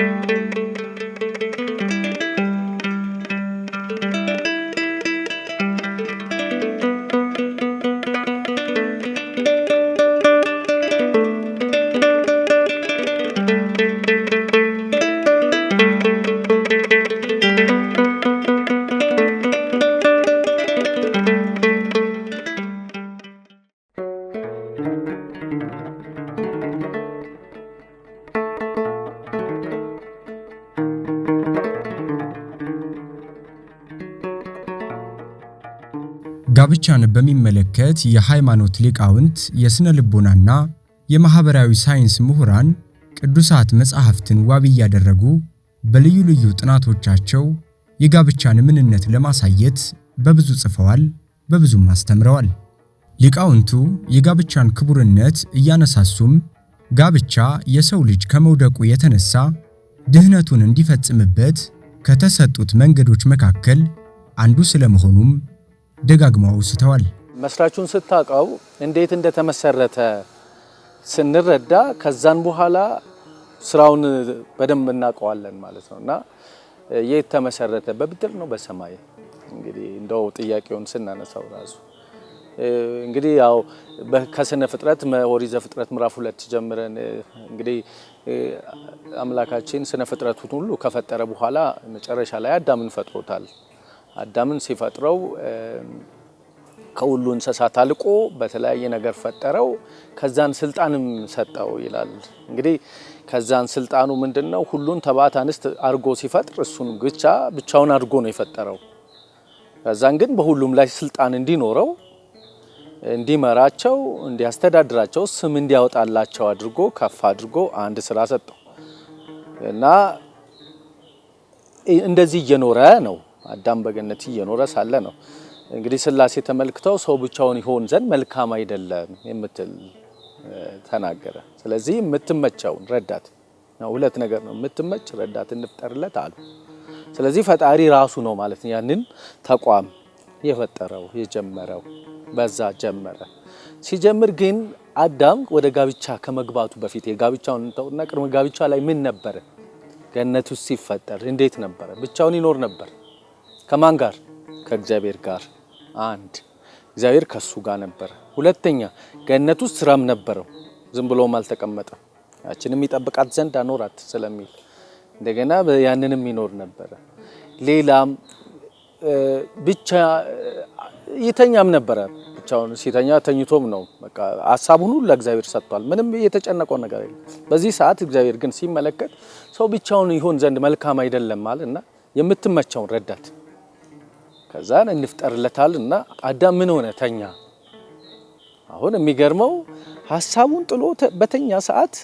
Música ጋብቻን በሚመለከት የሃይማኖት ሊቃውንት፣ የሥነ ልቦናና የማኅበራዊ ሳይንስ ምሁራን ቅዱሳት መጻሕፍትን ዋቢ እያደረጉ በልዩ ልዩ ጥናቶቻቸው የጋብቻን ምንነት ለማሳየት በብዙ ጽፈዋል፣ በብዙም አስተምረዋል። ሊቃውንቱ የጋብቻን ክቡርነት እያነሳሱም ጋብቻ የሰው ልጅ ከመውደቁ የተነሳ ድህነቱን እንዲፈጽምበት ከተሰጡት መንገዶች መካከል አንዱ ስለመሆኑም ደጋግመው አውስተዋል። መስራቹን ስታውቀው እንዴት እንደተመሰረተ ስንረዳ ከዛን በኋላ ስራውን በደንብ እናውቀዋለን ማለት ነው እና የት ተመሰረተ? በብድር ነው በሰማይ እንግዲህ እንደው ጥያቄውን ስናነሳው ራሱ እንግዲህ ያው ከስነ ፍጥረት ኦሪት ዘፍጥረት ምዕራፍ ሁለት ጀምረን እንግዲህ አምላካችን ስነ ፍጥረቱን ሁሉ ከፈጠረ በኋላ መጨረሻ ላይ አዳምን ፈጥሮታል። አዳምን ሲፈጥረው ከሁሉ እንስሳት አልቆ በተለያየ ነገር ፈጠረው፣ ከዛን ስልጣንም ሰጠው ይላል። እንግዲህ ከዛን ስልጣኑ ምንድን ነው? ሁሉን ተባት አንስት አድርጎ ሲፈጥር እሱን ብቻ ብቻውን አድርጎ ነው የፈጠረው። ከዛን ግን በሁሉም ላይ ስልጣን እንዲኖረው፣ እንዲመራቸው፣ እንዲያስተዳድራቸው፣ ስም እንዲያወጣላቸው አድርጎ ከፍ አድርጎ አንድ ስራ ሰጠው እና እንደዚህ እየኖረ ነው አዳም በገነት እየኖረ ሳለ ነው። እንግዲህ ስላሴ ተመልክተው ሰው ብቻውን ይሆን ዘንድ መልካም አይደለም የምትል ተናገረ። ስለዚህ የምትመቸውን ረዳት ሁለት ነገር ነው፣ የምትመች ረዳት እንፍጠርለት አሉ። ስለዚህ ፈጣሪ ራሱ ነው ማለት ነው ያንን ተቋም የፈጠረው የጀመረው። በዛ ጀመረ። ሲጀምር ግን አዳም ወደ ጋብቻ ከመግባቱ በፊት የጋብቻውን ተውና፣ ቅድመ ጋብቻ ላይ ምን ነበረ? ገነቱ ሲፈጠር እንዴት ነበረ? ብቻውን ይኖር ነበር። ከማን ጋር? ከእግዚአብሔር ጋር። አንድ እግዚአብሔር ከሱ ጋር ነበረ። ሁለተኛ ገነት ውስጥ ስራም ነበረው፣ ዝም ብሎም አልተቀመጠም። ያችንም ይጠብቃት ዘንድ አኖራት ስለሚል እንደገና ያንንም ይኖር ነበረ። ሌላም ብቻ ይተኛም ነበረ። ብቻውን ሲተኛ ተኝቶም ነው። በቃ ሀሳቡን ሁሉ ለእግዚአብሔር ሰጥቷል። ምንም የተጨነቀው ነገር የለም። በዚህ ሰዓት እግዚአብሔር ግን ሲመለከት ሰው ብቻውን ይሆን ዘንድ መልካም አይደለም አለ እና የምትመቸውን ረዳት ከዛን እንፍጠርለታል እና አዳም ምን ሆነ ተኛ። አሁን የሚገርመው ሀሳቡን ጥሎ በተኛ ሰዓት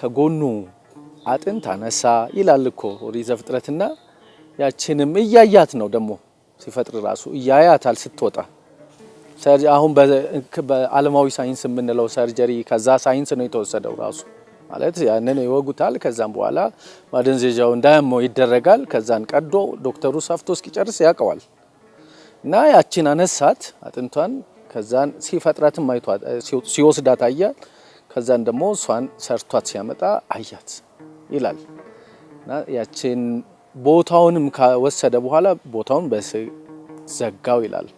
ከጎኑ አጥንት አነሳ ይላል እኮ ኦሪት ዘፍጥረትና ያችንም እያያት ነው ደግሞ ሲፈጥር ራሱ እያያታል ስትወጣ። አሁን በዓለማዊ ሳይንስ የምንለው ሰርጀሪ ከዛ ሳይንስ ነው የተወሰደው ራሱ ማለት ያንን ይወጉታል። ከዛም በኋላ ማደንዘዣው እንዳያመው ይደረጋል። ከዛን ቀዶ ዶክተሩ ሰፍቶ እስኪጨርስ ያውቀዋል እና ያቺን አነሳት አጥንቷን። ከዛን ሲፈጥራትም አይቷት ሲወስዳት አያ ከዛን ደግሞ እሷን ሰርቷት ሲያመጣ አያት ይላል እና ያቺን ቦታውንም ከወሰደ በኋላ ቦታውን በዘጋው ይላል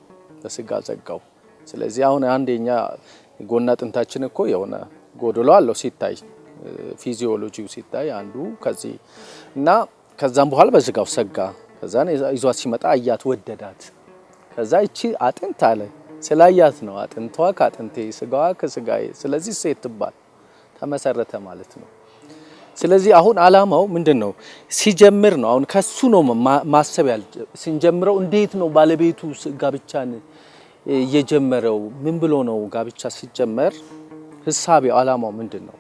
በስጋ ዘጋው። ስለዚህ አሁን አንደኛ ጎና አጥንታችን እኮ የሆነ ጎድሎ አለው ሲታይ ፊዚዮሎጂው ሲታይ አንዱ ከዚህ እና ከዛም በኋላ በስጋው ሰጋ። ከዛ ይዟት ሲመጣ አያት፣ ወደዳት። ከዛ ይቺ አጥንት አለ ስላያት ነው አጥንቷ ከአጥንቴ ስጋዋ ከስጋዬ፣ ስለዚህ ሴት ትባል ተመሰረተ ማለት ነው። ስለዚህ አሁን አላማው ምንድን ነው? ሲጀምር ነው አሁን ከሱ ነው ማሰብ ያል ስንጀምረው፣ እንዴት ነው ባለቤቱ ጋብቻን የጀመረው? ምን ብሎ ነው ጋብቻ ሲጀመር? ህሳቤው አላማው ምንድን ነው?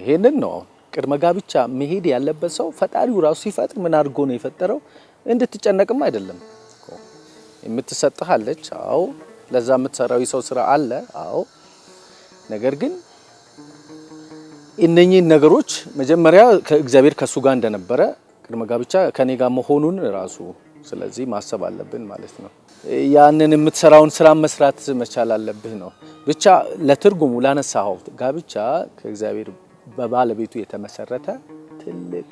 ይሄንን ነው አሁን ቅድመ ጋብቻ መሄድ ያለበት ሰው ፈጣሪው ራሱ ሲፈጥር ምን አድርጎ ነው የፈጠረው? እንድትጨነቅም አይደለም። የምትሰጥህ አለች፣ አዎ። ለዛ የምትሰራው የሰው ስራ አለ፣ አዎ። ነገር ግን እነኚህን ነገሮች መጀመሪያ ከእግዚአብሔር ከእሱ ጋር እንደነበረ ቅድመ ጋብቻ ከኔ ጋር መሆኑን ራሱ ስለዚህ ማሰብ አለብን ማለት ነው። ያንን የምትሰራውን ስራ መስራት መቻል አለብህ ነው። ብቻ ለትርጉሙ ላነሳኸው ጋብቻ ከእግዚአብሔር በባለቤቱ የተመሰረተ ትልቅ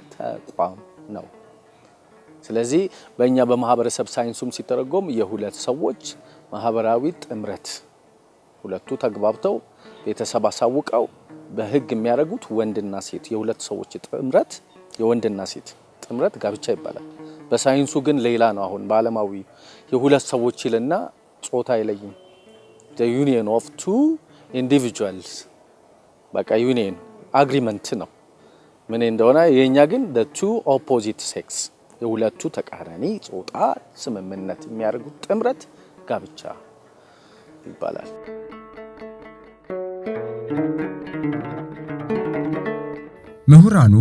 ተቋም ነው። ስለዚህ በእኛ በማህበረሰብ ሳይንሱም ሲተረጎም የሁለት ሰዎች ማህበራዊ ጥምረት፣ ሁለቱ ተግባብተው ቤተሰብ አሳውቀው በህግ የሚያደርጉት ወንድና ሴት የሁለት ሰዎች ጥምረት፣ የወንድና ሴት ጥምረት ጋብቻ ይባላል። በሳይንሱ ግን ሌላ ነው። አሁን በዓለማዊ የሁለት ሰዎች ይልና ጾታ አይለይም። ዩኒየን ኦፍ ቱ ኢንዲቪጁዋልስ በቃ ዩኒየን አግሪመንት ነው ምን እንደሆነ። የኛ ግን ቱ ኦፖዚት ሴክስ የሁለቱ ተቃራኒ ጾታ ስምምነት የሚያደርጉት ጥምረት ጋብቻ ይባላል። ምሁራኑ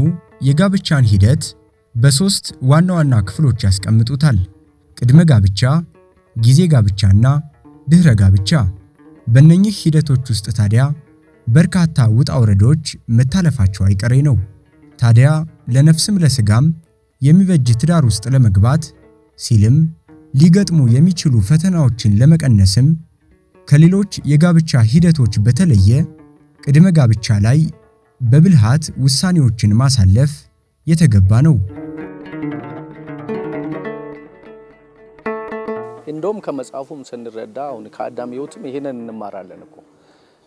የጋብቻን ሂደት በሶስት ዋና ዋና ክፍሎች ያስቀምጡታል። ቅድመ ጋብቻ፣ ጊዜ ጋብቻና ድኅረ ጋብቻ። በእነኚህ ሂደቶች ውስጥ ታዲያ በርካታ ውጣ ውረዶች መታለፋቸው አይቀሬ ነው። ታዲያ ለነፍስም ለስጋም የሚበጅ ትዳር ውስጥ ለመግባት ሲልም ሊገጥሙ የሚችሉ ፈተናዎችን ለመቀነስም ከሌሎች የጋብቻ ሂደቶች በተለየ ቅድመ ጋብቻ ላይ በብልሃት ውሳኔዎችን ማሳለፍ የተገባ ነው። እንደውም ከመጽሐፉም ስንረዳ አሁን ከአዳም ሕይወትም ይሄንን እንማራለን እኮ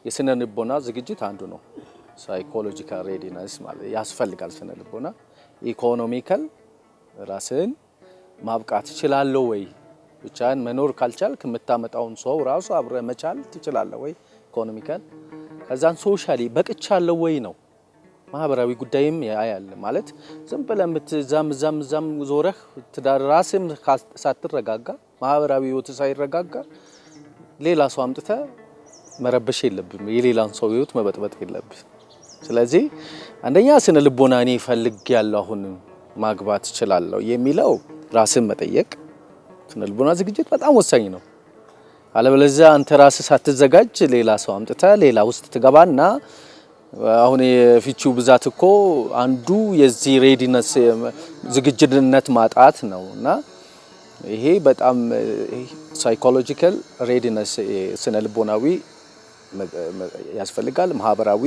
የስነ ልቦና ዝግጅት አንዱ ነው። ሳይኮሎጂካል ሬዲነስ ማለት ያስፈልጋል። ስነ ልቦና፣ ኢኮኖሚካል ራስን ማብቃት ትችላለህ ወይ? ብቻህን መኖር ካልቻልክ የምታመጣውን ሰው ራሱ አብረ መቻል ትችላለህ ወይ? ኢኮኖሚካል ከዛን ሶሻሊ በቅቻለሁ ወይ ነው። ማህበራዊ ጉዳይም ያያል ማለት ዝም ብለህ የምትዛም ዛም ዛም ዞረህ ትዳር ራስም ሳትረጋጋ ማህበራዊ ህይወት ሳይረጋጋ ሌላ ሰው አምጥተህ መረበሽ የለብም። የሌላን ሰው ህይወት መበጥበጥ የለብም። ስለዚህ አንደኛ ስነ ልቦና እኔ ፈልግ ያለው አሁን ማግባት እችላለሁ የሚለው ራስን መጠየቅ፣ ስነ ልቦና ዝግጅት በጣም ወሳኝ ነው። አለበለዚያ አንተ ራስህ ሳትዘጋጅ ሌላ ሰው አምጥተ ሌላ ውስጥ ትገባና አሁን የፊቺው ብዛት እኮ አንዱ የዚህ ሬዲነስ ዝግጅትነት ማጣት ነው እና ይሄ በጣም ሳይኮሎጂካል ሬዲነስ ስነ ልቦናዊ ያስፈልጋል። ማህበራዊ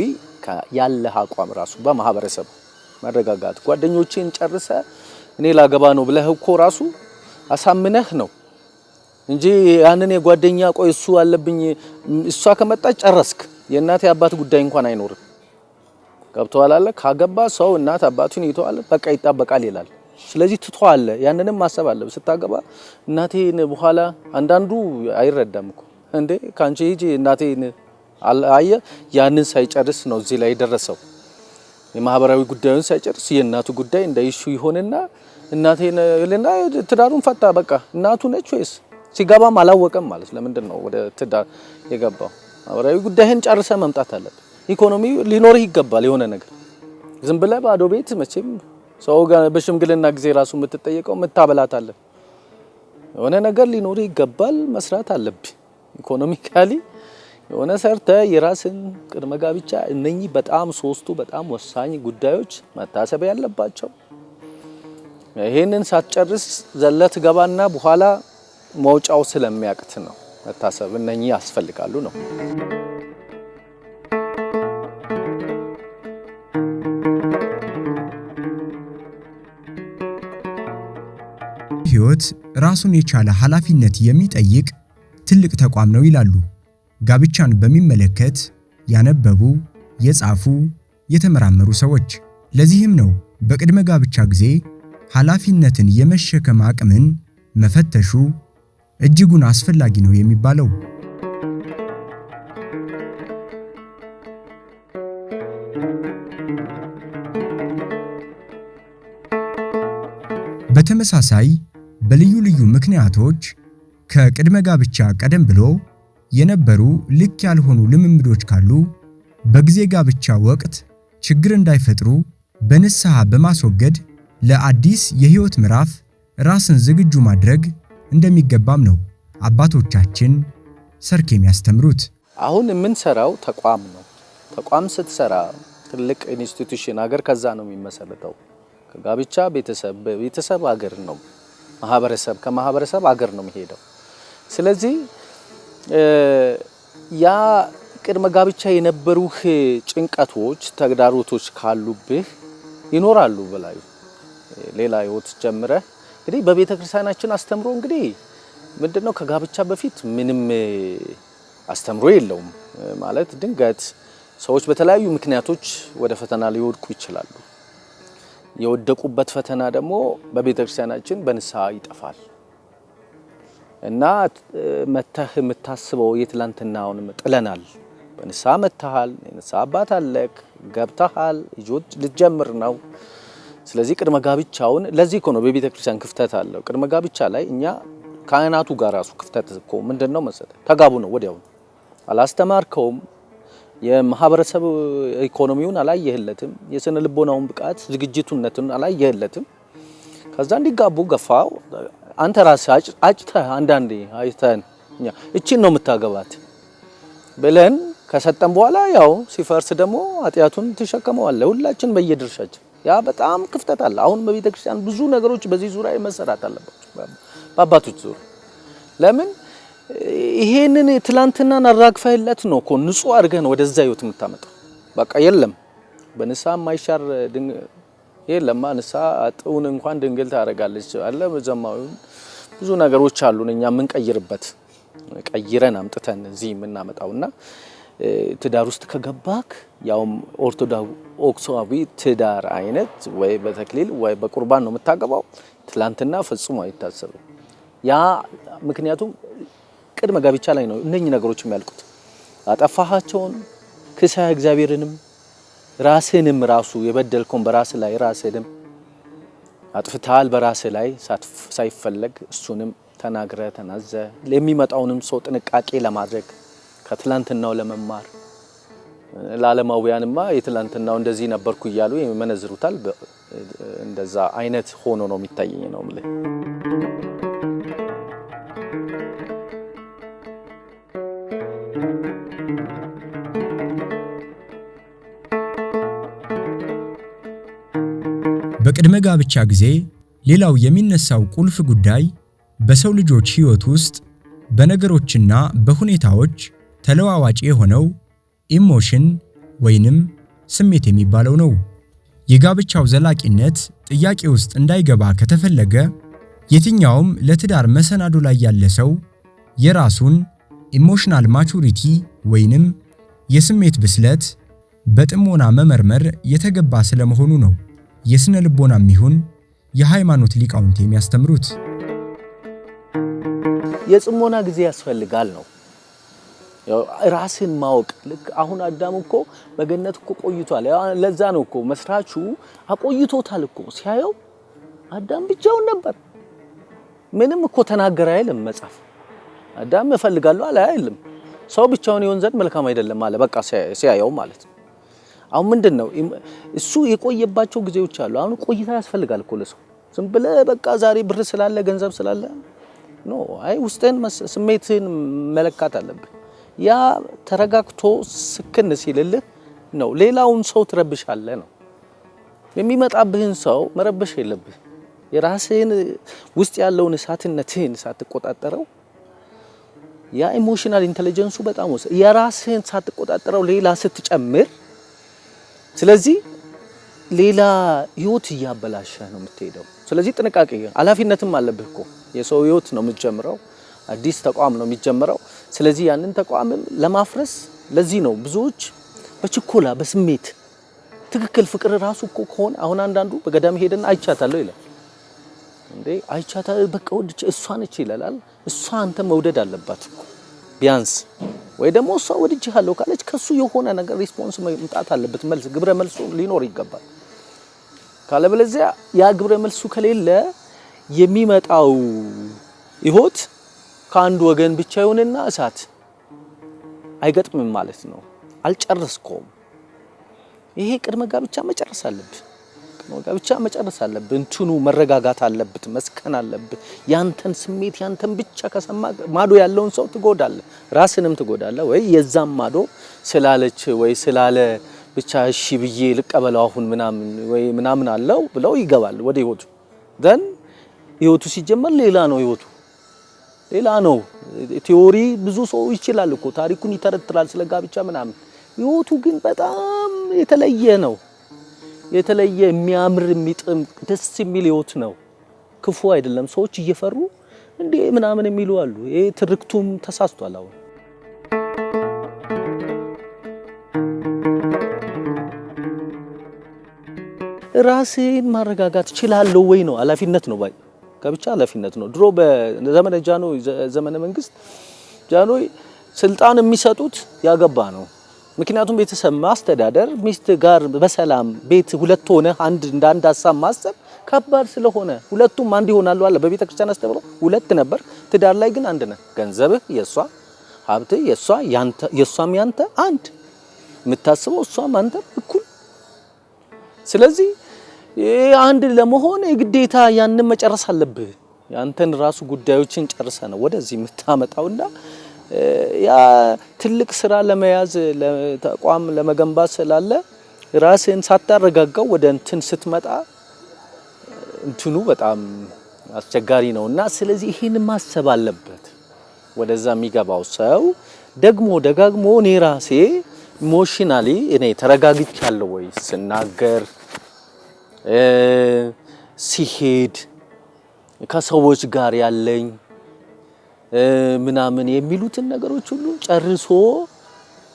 ያለህ አቋም ራሱ በማህበረሰብ መረጋጋት ጓደኞችን ጨርሰ እኔ ላገባ ነው ብለህ እኮ ራሱ አሳምነህ ነው እንጂ ያንን የጓደኛ ቆይ እሱ አለብኝ እሷ ከመጣች ጨረስክ። የእናት የአባት ጉዳይ እንኳን አይኖርም። ገብቶሃል አለ ካገባ ሰው እናት አባቱን ይተዋል፣ በቃ ይጣበቃል ይላል። ስለዚህ ትተዋለ። ያንንም ማሰብ አለ። ስታገባ እናቴን በኋላ አንዳንዱ አይረዳም እኮ እንዴ ከአንቺ ሂጂ እናቴን አየ ያንን ሳይጨርስ ነው እዚህ ላይ የደረሰው። የማህበራዊ ጉዳዩን ሳይጨርስ የእናቱ ጉዳይ እንደ ኢሹ ይሆንና እናቴ ትዳሩን ፈታ። በቃ እናቱ ነች ወይስ ሲገባም አላወቀም ማለት ለምንድን ነው ወደ ትዳር የገባው? ማህበራዊ ጉዳይህን ጨርሰ መምጣት አለብህ። ኢኮኖሚ ሊኖርህ ይገባል። የሆነ ነገር ዝም ብለህ ባዶ ቤት መቼም ሰው ጋር በሽምግልና ጊዜ ራሱ የምትጠየቀው ምታበላት አለ የሆነ ነገር ሊኖርህ ይገባል። መስራት አለብህ ኢኮኖሚካሊ የሆነ ሰርተ የራስን ቅድመ ጋብቻ እነኚህ በጣም ሶስቱ በጣም ወሳኝ ጉዳዮች መታሰብ ያለባቸው። ይህንን ሳትጨርስ ዘለት ገባና በኋላ መውጫው ስለሚያቅት ነው መታሰብ እነኚህ ያስፈልጋሉ ነው። ህይወት ራሱን የቻለ ኃላፊነት የሚጠይቅ ትልቅ ተቋም ነው ይላሉ ጋብቻን በሚመለከት ያነበቡ፣ የጻፉ፣ የተመራመሩ ሰዎች። ለዚህም ነው በቅድመ ጋብቻ ጊዜ ኃላፊነትን የመሸከም አቅምን መፈተሹ እጅጉን አስፈላጊ ነው የሚባለው። በተመሳሳይ በልዩ ልዩ ምክንያቶች ከቅድመ ጋብቻ ቀደም ብሎ የነበሩ ልክ ያልሆኑ ልምምዶች ካሉ በጊዜ ጋብቻ ወቅት ችግር እንዳይፈጥሩ በንስሐ በማስወገድ ለአዲስ የህይወት ምዕራፍ ራስን ዝግጁ ማድረግ እንደሚገባም ነው አባቶቻችን ሰርክ የሚያስተምሩት። አሁን የምንሰራው ተቋም ነው። ተቋም ስትሰራ ትልቅ ኢንስቲቱሽን ሀገር ከዛ ነው የሚመሰረተው። ከጋብቻ ቤተሰብ፣ ቤተሰብ ሀገር ነው። ማህበረሰብ ከማህበረሰብ ሀገር ነው የሚሄደው። ስለዚህ ያ ቅድመ ጋብቻ የነበሩህ ጭንቀቶች፣ ተግዳሮቶች ካሉብህ ይኖራሉ በላዩ ሌላ ህይወት ጀምረህ እንግዲህ በቤተ ክርስቲያናችን አስተምሮ እንግዲህ ምንድነው ከጋብቻ በፊት ምንም አስተምሮ የለውም ማለት ድንገት ሰዎች በተለያዩ ምክንያቶች ወደ ፈተና ሊወድቁ ይችላሉ። የወደቁበት ፈተና ደግሞ በቤተ ክርስቲያናችን በንስሐ ይጠፋል። እና መተህ የምታስበው የትላንትናውንም ጥለናል። በንስሐ መተሃል፣ የንስሐ አባት አለክ፣ ገብተሃል፣ ልጆች ልጀምር ነው። ስለዚህ ቅድመ ጋብቻውን ለዚህ እኮ ነው በቤተ ክርስቲያን ክፍተት አለው። ቅድመ ጋብቻ ላይ እኛ ካህናቱ ጋር ራሱ ክፍተት እኮ ምንድን ነው መሰለ፣ ተጋቡ ነው ወዲያው አላስተማርከውም። የማህበረሰብ ኢኮኖሚውን አላየህለትም። የስነ ልቦናውን ብቃት ዝግጅቱነትን አላየህለትም። ከዛ እንዲጋቡ ገፋው። አንተ ራስህ አጭተህ አንዳንዴ አይተን እኛ እቺን ነው የምታገባት ብለን ከሰጠን በኋላ ያው ሲፈርስ ደግሞ አጥያቱን ትሸከመዋለህ። ሁላችን በየድርሻችን ያ በጣም ክፍተት አለ። አሁን በቤተ ክርስቲያን ብዙ ነገሮች በዚህ ዙሪያ መሰራት አለባቸው፣ በአባቶች ዙሪያ። ለምን ይሄንን ትላንትናን አራግፈህለት ነው እኮ ንጹህ አድርገህ ነው ወደዛ ህይወት የምታመጣው። በቃ የለም በንስሐ የማይሻር የለማ ንስሐ አጥውን እንኳን ድንግል ታደርጋለች አለ ዘማዊውን ብዙ ነገሮች አሉን እኛ የምንቀይርበት ቀይረን አምጥተን እዚህ የምናመጣውና ትዳር ውስጥ ከገባክ ያውም ኦርቶዶክሳዊ ትዳር አይነት ወይ በተክሊል ወይ በቁርባን ነው የምታገባው። ትላንትና ፈጽሞ አይታሰብም። ያ ምክንያቱም ቅድመ ጋብቻ ላይ ነው እነኚህ ነገሮች የሚያልቁት። አጠፋሃቸውን ክሳ እግዚአብሔርንም ራስህንም ራሱ የበደልከውን በራስህ ላይ ራስህንም አጥፍተሃል በራስህ ላይ ሳይፈለግ እሱንም ተናግረ ተናዘ የሚመጣውንም ሰው ጥንቃቄ ለማድረግ ከትላንትናው ለመማር ለዓለማውያንማ የትላንትናው እንደዚህ ነበርኩ እያሉ መነዝሩታል እንደዛ አይነት ሆኖ ነው የሚታየኝ ነው የምልህ። በቅድመ ጋብቻ ጊዜ ሌላው የሚነሳው ቁልፍ ጉዳይ በሰው ልጆች ሕይወት ውስጥ በነገሮችና በሁኔታዎች ተለዋዋጭ የሆነው ኢሞሽን ወይንም ስሜት የሚባለው ነው። የጋብቻው ዘላቂነት ጥያቄ ውስጥ እንዳይገባ ከተፈለገ የትኛውም ለትዳር መሰናዶ ላይ ያለ ሰው የራሱን ኢሞሽናል ማቹሪቲ ወይንም የስሜት ብስለት በጥሞና መመርመር የተገባ ስለመሆኑ ነው። የስነ ልቦናም ይሁን የሃይማኖት ሊቃውንት የሚያስተምሩት የጽሞና ጊዜ ያስፈልጋል ነው። ራስን ማወቅ ልክ አሁን አዳም እኮ በገነት እኮ ቆይቷል። ለዛ ነው እኮ መስራቹ አቆይቶታል እኮ ሲያየው አዳም ብቻውን ነበር። ምንም እኮ ተናገረ አይልም መጽሐፍ። አዳም እፈልጋለሁ አለ አይልም። ሰው ብቻውን ይሆን ዘንድ መልካም አይደለም አለ። በቃ ሲያየው ማለት ነው። አሁን ምንድን ነው እሱ የቆየባቸው ጊዜዎች አሉ። አሁን ቆይታ ያስፈልጋል እኮ ለሰው ዝም ብለህ በቃ ዛሬ ብር ስላለ ገንዘብ ስላለ ኖ፣ አይ ውስጥን ስሜትን መለካት አለብን። ያ ተረጋግቶ ስክን ሲልልህ ነው። ሌላውን ሰው ትረብሻለ ነው የሚመጣብህን ሰው መረበሽ የለብህ። የራስህን ውስጥ ያለውን እሳትነትህን ሳትቆጣጠረው ያ ኢሞሽናል ኢንቴሊጀንሱ በጣም ወሰ የራስህን ሳትቆጣጠረው ሌላ ስትጨምር ስለዚህ ሌላ ህይወት እያበላሸ ነው የምትሄደው። ስለዚህ ጥንቃቄ፣ ኃላፊነትም አለብህ እኮ የሰው ህይወት ነው የምትጀምረው፣ አዲስ ተቋም ነው የሚጀምረው። ስለዚህ ያንን ተቋምም ለማፍረስ ለዚህ ነው ብዙዎች በችኮላ በስሜት ትክክል ፍቅር ራሱ እኮ ከሆነ አሁን አንዳንዱ በገዳም ሄደን አይቻታለሁ ይላል። እንዴ አይቻታ በቃ ወድቼ እሷ ነች ይላል። እሷ አንተ መውደድ አለባት እኮ ቢያንስ ወይ ደግሞ እሷ ወድጄሃለሁ ካለች ከሱ የሆነ ነገር ሪስፖንስ መምጣት አለበት። መልስ ግብረ መልሱ ሊኖር ይገባል። ካለበለዚያ ያ ግብረ መልሱ ከሌለ የሚመጣው ህይወት ከአንድ ወገን ብቻ ይሁንና እሳት አይገጥምም ማለት ነው። አልጨረስከውም። ይሄ ቅድመ ጋብቻ መጨረስ አለብህ። ነው። ብቻ መጨረስ አለብህ። እንትኑ መረጋጋት አለብት መስከን አለብህ። ያንተን ስሜት ያንተን ብቻ ከሰማ ማዶ ያለውን ሰው ትጎዳለህ፣ ራስንም ትጎዳለህ። ወይ የዛም ማዶ ስላለች ወይ ስላለ ብቻ እሺ ብዬ ልቀበለው አሁን ምናምን ወይ ምናምን አለው ብለው ይገባል ወደ ህይወቱ ዘን ህይወቱ ሲጀመር ሌላ ነው ህይወቱ ሌላ ነው። ቴዎሪ ብዙ ሰው ይችላል እኮ ታሪኩን ይተረትራል ስለ ጋብቻ ምናምን። ህይወቱ ግን በጣም የተለየ ነው። የተለየ የሚያምር የሚጥም ደስ የሚል ህይወት ነው። ክፉ አይደለም። ሰዎች እየፈሩ እንዴ ምናምን የሚሉ አሉ። ይሄ ትርክቱም ተሳስቷል። አሁን ራሴን ማረጋጋት እችላለሁ ወይ ነው ኃላፊነት ነው ባይ ከብቻ ኃላፊነት ነው። ድሮ በዘመነ ጃኖ ዘመነ መንግስት ጃኖ ስልጣን የሚሰጡት ያገባ ነው ምክንያቱም ቤተሰብ ማስተዳደር ሚስት ጋር በሰላም ቤት ሁለት ሆነ አንድ እንደ አንድ ሀሳብ ማሰብ ከባድ ስለሆነ ሁለቱም አንድ ይሆናሉ አለ በቤተ ክርስቲያን አስተምሮ። ሁለት ነበር፣ ትዳር ላይ ግን አንድ ነህ። ገንዘብህ የሷ፣ ሀብትህ የሷ፣ የሷም ያንተ አንድ የምታስበው እሷም አንተ እኩል። ስለዚህ አንድ ለመሆን የግዴታ ያንን መጨረስ አለብህ። ያንተን ራሱ ጉዳዮችን ጨርሰ ነው ወደዚህ የምታመጣውና ያ ትልቅ ስራ ለመያዝ ተቋም ለመገንባት ስላለ ራስን ሳታረጋጋው ወደ እንትን ስትመጣ እንትኑ በጣም አስቸጋሪ ነው እና ስለዚህ ይህን ማሰብ አለበት። ወደዛ የሚገባው ሰው ደግሞ ደጋግሞ እኔ ራሴ ኢሞሽናሊ እኔ ተረጋግቻለሁ ወይ ስናገር፣ ሲሄድ፣ ከሰዎች ጋር ያለኝ ምናምን የሚሉትን ነገሮች ሁሉ ጨርሶ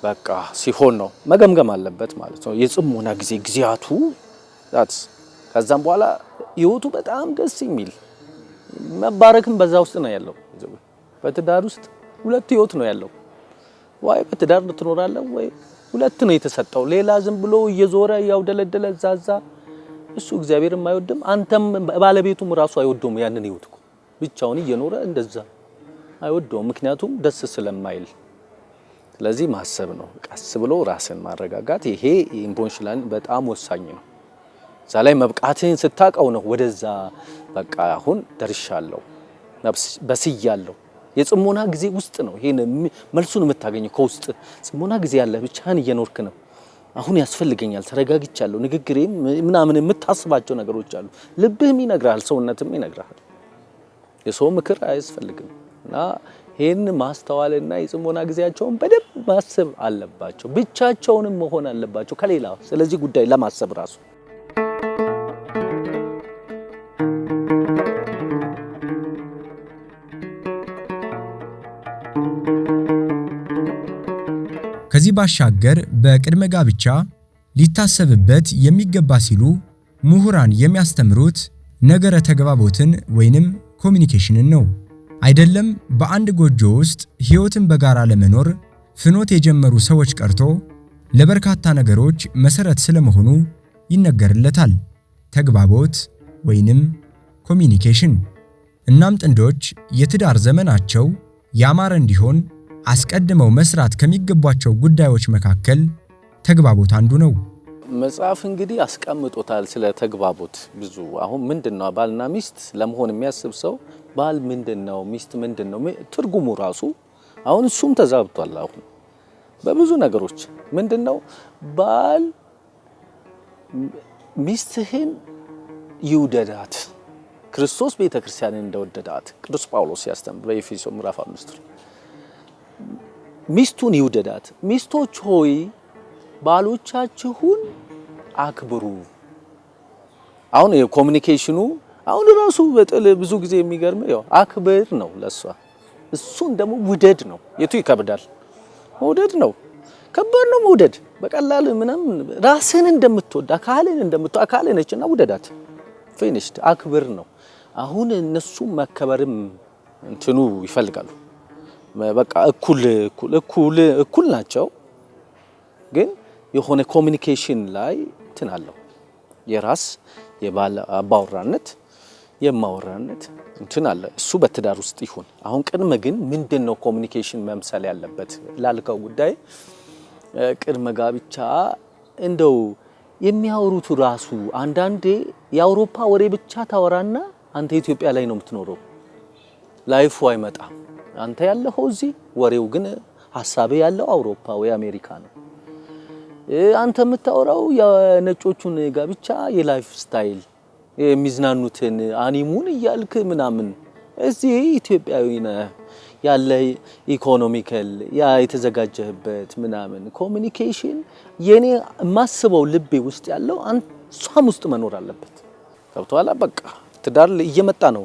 በቃ ሲሆን ነው መገምገም አለበት ማለት ነው። የጽሞና ጊዜ ጊዜያቱ ከዛም በኋላ ህይወቱ በጣም ደስ የሚል መባረክም በዛ ውስጥ ነው ያለው። በትዳር ውስጥ ሁለት ህይወት ነው ያለው። ወይ በትዳር ትኖራለህ ወይ ሁለት ነው የተሰጠው። ሌላ ዝም ብሎ እየዞረ እያውደለደለ ዛዛ እሱ እግዚአብሔርም አይወድም፣ አንተም ባለቤቱም ራሱ አይወደውም። ያንን ህይወት ብቻውን እየኖረ እንደዛ አይወደው ምክንያቱም ደስ ስለማይል ስለዚህ ማሰብ ነው። ቀስ ብሎ ራስን ማረጋጋት፣ ይሄ ኢምፖንሽላን በጣም ወሳኝ ነው። እዛ ላይ መብቃትህን ስታቀው ነው ወደዛ በቃ አሁን ደርሻለሁ፣ በስያለሁ። የጽሞና ጊዜ ውስጥ ነው ይሄን መልሱን የምታገኘው ከውስጥ ጽሞና ጊዜ ያለ ብቻህን እየኖርክ ነው። አሁን ያስፈልገኛል፣ ተረጋግቻለሁ፣ ንግግሬም ምናምን የምታስባቸው ነገሮች አሉ። ልብህም ይነግራል ሰውነትም ይነግራል። የሰው ምክር አያስፈልግም። እና ይህን ማስተዋልና የጽሞና ጊዜያቸውን በደንብ ማሰብ አለባቸው። ብቻቸውንም መሆን አለባቸው ከሌላ ስለዚህ ጉዳይ ለማሰብ ራሱ ከዚህ ባሻገር በቅድመ ጋብቻ ሊታሰብበት የሚገባ ሲሉ ምሁራን የሚያስተምሩት ነገረ ተግባቦትን ወይንም ኮሚኒኬሽንን ነው። አይደለም በአንድ ጎጆ ውስጥ ሕይወትን በጋራ ለመኖር ፍኖት የጀመሩ ሰዎች ቀርቶ ለበርካታ ነገሮች መሰረት ስለመሆኑ ይነገርለታል። ተግባቦት ወይንም ኮሚኒኬሽን። እናም ጥንዶች የትዳር ዘመናቸው ያማረ እንዲሆን አስቀድመው መስራት ከሚገቧቸው ጉዳዮች መካከል ተግባቦት አንዱ ነው። መጽሐፍ እንግዲህ አስቀምጦታል ስለ ተግባቦት ብዙ። አሁን ምንድን ነው ባልና ሚስት ለመሆን የሚያስብ ሰው ባል ምንድን ነው፣ ሚስት ምንድን ነው ትርጉሙ ራሱ አሁን እሱም ተዛብቷል። አሁን በብዙ ነገሮች ምንድን ነው ባል ሚስትህን ይውደዳት ክርስቶስ ቤተ ክርስቲያንን እንደወደዳት ቅዱስ ጳውሎስ ያስተምር በኤፌሶ ምዕራፍ አምስት ሚስቱን ይውደዳት። ሚስቶች ሆይ ባሎቻችሁን አክብሩ። አሁን የኮሚኒኬሽኑ አሁን ራሱ በጥል ብዙ ጊዜ የሚገርም ያው አክብር ነው ለሷ፣ እሱን ደግሞ ውደድ ነው። የቱ ይከብዳል? መውደድ ነው ከባድ ነው መውደድ። በቀላል ምንም ራስን እንደምትወድ አካልን እንደምትወድ አካል ነችና ውደዳት። ፊኒሽድ አክብር ነው። አሁን እነሱ መከበርም እንትኑ ይፈልጋሉ። በቃ እኩል እኩል እኩል ናቸው ግን የሆነ ኮሚኒኬሽን ላይ እንትን አለው የራስ የባለ አባወራነት የማወራነት እንትን አለ። እሱ በትዳር ውስጥ ይሁን። አሁን ቅድመ ግን ምንድን ነው ኮሚኒኬሽን መምሰል ያለበት ላልከው ጉዳይ ቅድመ ጋብቻ እንደው የሚያወሩት ራሱ አንዳንዴ የአውሮፓ ወሬ ብቻ ታወራና አንተ ኢትዮጵያ ላይ ነው የምትኖረው። ላይፉ አይመጣም። አንተ ያለኸው እዚህ፣ ወሬው ግን ሀሳቤ ያለው አውሮፓ ወይ አሜሪካ ነው። አንተ የምታወራው የነጮቹን ጋብቻ የላይፍ ስታይል የሚዝናኑትን አኒሙን እያልክ ምናምን እዚህ ኢትዮጵያዊ ነህ ያለ ኢኮኖሚካል ያ የተዘጋጀህበት ምናምን ኮሚኒኬሽን የኔ የማስበው ልቤ ውስጥ ያለው እሷም ውስጥ መኖር አለበት። ገብቶሃል? በቃ ትዳር እየመጣ ነው፣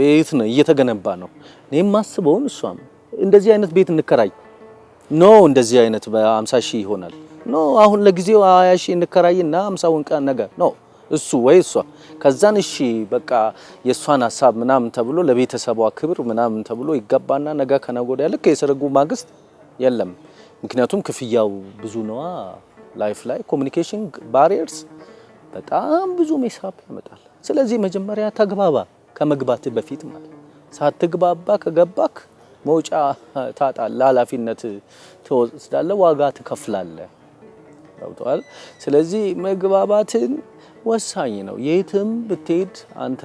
ቤት ነው እየተገነባ ነው። እኔ የማስበውን እሷም እንደዚህ አይነት ቤት እንከራይ ኖ እንደዚህ አይነት በ50 ሺህ ይሆናል ኖ አሁን ለጊዜው ሀያ እንከራይና ሀምሳውን ቀን ነገር ኖ እሱ ወይ እሷ ከዛን እሺ በቃ የእሷን ሀሳብ ምናምን ተብሎ ለቤተሰቧ ክብር ምናምን ተብሎ ይገባና ነገ ከነገ ወዲያ ልክ የሰርጉ ማግስት የለም። ምክንያቱም ክፍያው ብዙ ነዋ። ላይፍ ላይ ኮሚኒኬሽን ባሪየርስ በጣም ብዙ ሜሳፕ ያመጣል። ስለዚህ መጀመሪያ ተግባባ፣ ከመግባት በፊት ማለት ሳትግባባ ከገባክ መውጫ ታጣለህ፣ ኃላፊነት ትወስዳለህ፣ ዋጋ ትከፍላለህ። ገብተዋል። ስለዚህ መግባባትን ወሳኝ ነው። የትም ብትሄድ አንተ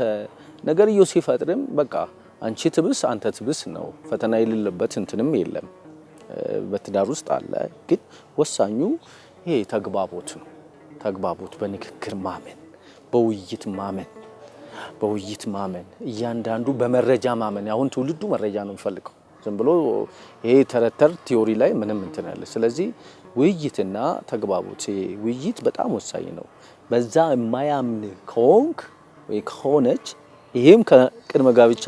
ነገርዮ ሲፈጥርም በቃ አንቺ ትብስ አንተ ትብስ ነው። ፈተና የሌለበት እንትንም የለም። በትዳር ውስጥ አለ። ግን ወሳኙ ይሄ ተግባቦት ነው። ተግባቦት በንግግር ማመን፣ በውይይት ማመን በውይይት ማመን፣ እያንዳንዱ በመረጃ ማመን። አሁን ትውልዱ መረጃ ነው የሚፈልገው። ዝም ብሎ ይሄ ተረተር ቲዮሪ ላይ ምንም እንትን ያለ ስለዚህ ውይይትና ተግባቦት ውይይት በጣም ወሳኝ ነው። በዛ የማያምን ከሆንክ ወይ ከሆነች ይህም ከቅድመ ጋብቻ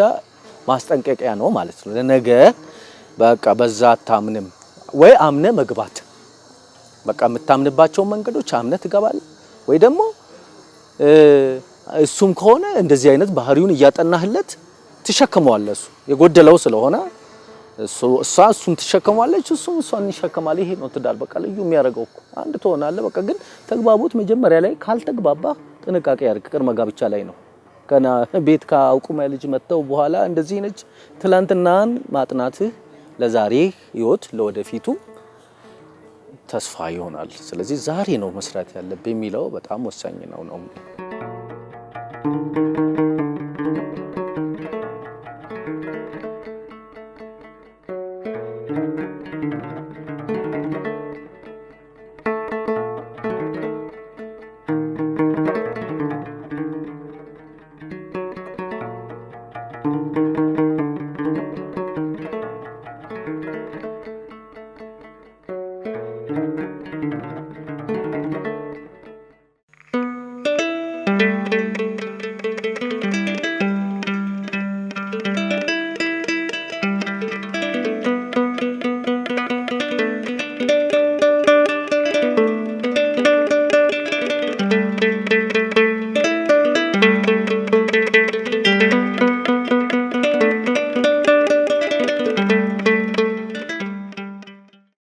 ማስጠንቀቂያ ነው ማለት ነው። ለነገ በቃ በዛ አታምንም ወይ አምነ መግባት በቃ የምታምንባቸውን መንገዶች አምነ ትገባል ወይ ደግሞ እሱም ከሆነ እንደዚህ አይነት ባህሪውን እያጠናህለት ትሸክመዋለህ እሱ የጎደለው ስለሆነ እሷ እሱን ትሸከማለች፣ እሱም እሷን ይሸከማል። ይሄ ነው ትዳር። በቃ ልዩ የሚያደርገው እኮ አንድ ትሆናለህ። በቃ ግን ተግባቦት መጀመሪያ ላይ ካልተግባባ ጥንቃቄ ያድርግ። ቅድመ ጋብቻ ላይ ነው ገና ቤት ከአውቁማ ልጅ መጥተው በኋላ እንደዚህ ነች። ትላንትናን ማጥናትህ ለዛሬ ህይወት ለወደፊቱ ተስፋ ይሆናል። ስለዚህ ዛሬ ነው መስራት ያለብህ የሚለው በጣም ወሳኝ ነው ነው